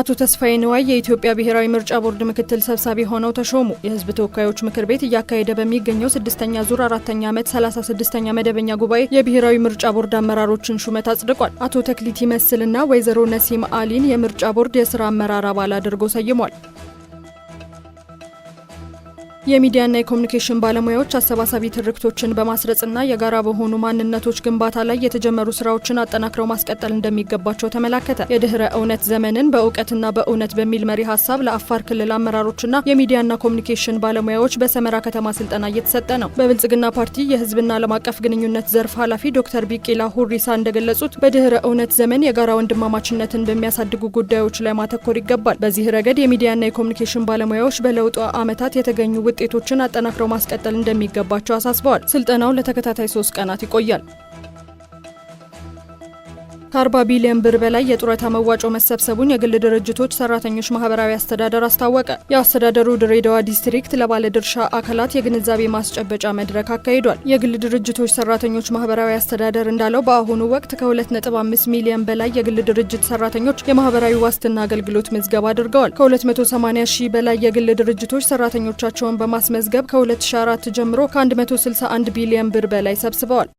አቶ ተስፋዬ ንዋይ የኢትዮጵያ ብሔራዊ ምርጫ ቦርድ ምክትል ሰብሳቢ ሆነው ተሾሙ። የህዝብ ተወካዮች ምክር ቤት እያካሄደ በሚገኘው ስድስተኛ ዙር አራተኛ ዓመት ሰላሳ ስድስተኛ መደበኛ ጉባኤ የብሔራዊ ምርጫ ቦርድ አመራሮችን ሹመት አጽድቋል። አቶ ተክሊት ይመስልና ወይዘሮ ነሲም አሊን የምርጫ ቦርድ የስራ አመራር አባል አድርጎ ሰይሟል። የሚዲያና የኮሚኒኬሽን ባለሙያዎች አሰባሳቢ ትርክቶችን በማስረጽና የጋራ በሆኑ ማንነቶች ግንባታ ላይ የተጀመሩ ስራዎችን አጠናክረው ማስቀጠል እንደሚገባቸው ተመላከተ። የድህረ እውነት ዘመንን በእውቀትና በእውነት በሚል መሪ ሀሳብ ለአፋር ክልል አመራሮችና የሚዲያና ኮሚኒኬሽን ባለሙያዎች በሰመራ ከተማ ስልጠና እየተሰጠ ነው። በብልጽግና ፓርቲ የህዝብና ዓለም አቀፍ ግንኙነት ዘርፍ ኃላፊ ዶክተር ቢቂላ ሁሪሳ እንደገለጹት በድህረ እውነት ዘመን የጋራ ወንድማማችነትን በሚያሳድጉ ጉዳዮች ላይ ማተኮር ይገባል። በዚህ ረገድ የሚዲያና የኮሚኒኬሽን ባለሙያዎች በለውጡ ዓመታት የተገኙ ውጤቶችን አጠናክረው ማስቀጠል እንደሚገባቸው አሳስበዋል። ስልጠናው ለተከታታይ ሶስት ቀናት ይቆያል። ከአርባ ቢሊዮን ብር በላይ የጡረታ መዋጮ መሰብሰቡን የግል ድርጅቶች ሰራተኞች ማህበራዊ አስተዳደር አስታወቀ። የአስተዳደሩ ድሬዳዋ ዲስትሪክት ለባለድርሻ አካላት የግንዛቤ ማስጨበጫ መድረክ አካሂዷል። የግል ድርጅቶች ሰራተኞች ማህበራዊ አስተዳደር እንዳለው በአሁኑ ወቅት ከ2.5 ሚሊዮን በላይ የግል ድርጅት ሰራተኞች የማህበራዊ ዋስትና አገልግሎት ምዝገባ አድርገዋል። ከ280 ሺህ በላይ የግል ድርጅቶች ሰራተኞቻቸውን በማስመዝገብ ከ2004 ጀምሮ ከ161 ቢሊዮን ብር በላይ ሰብስበዋል።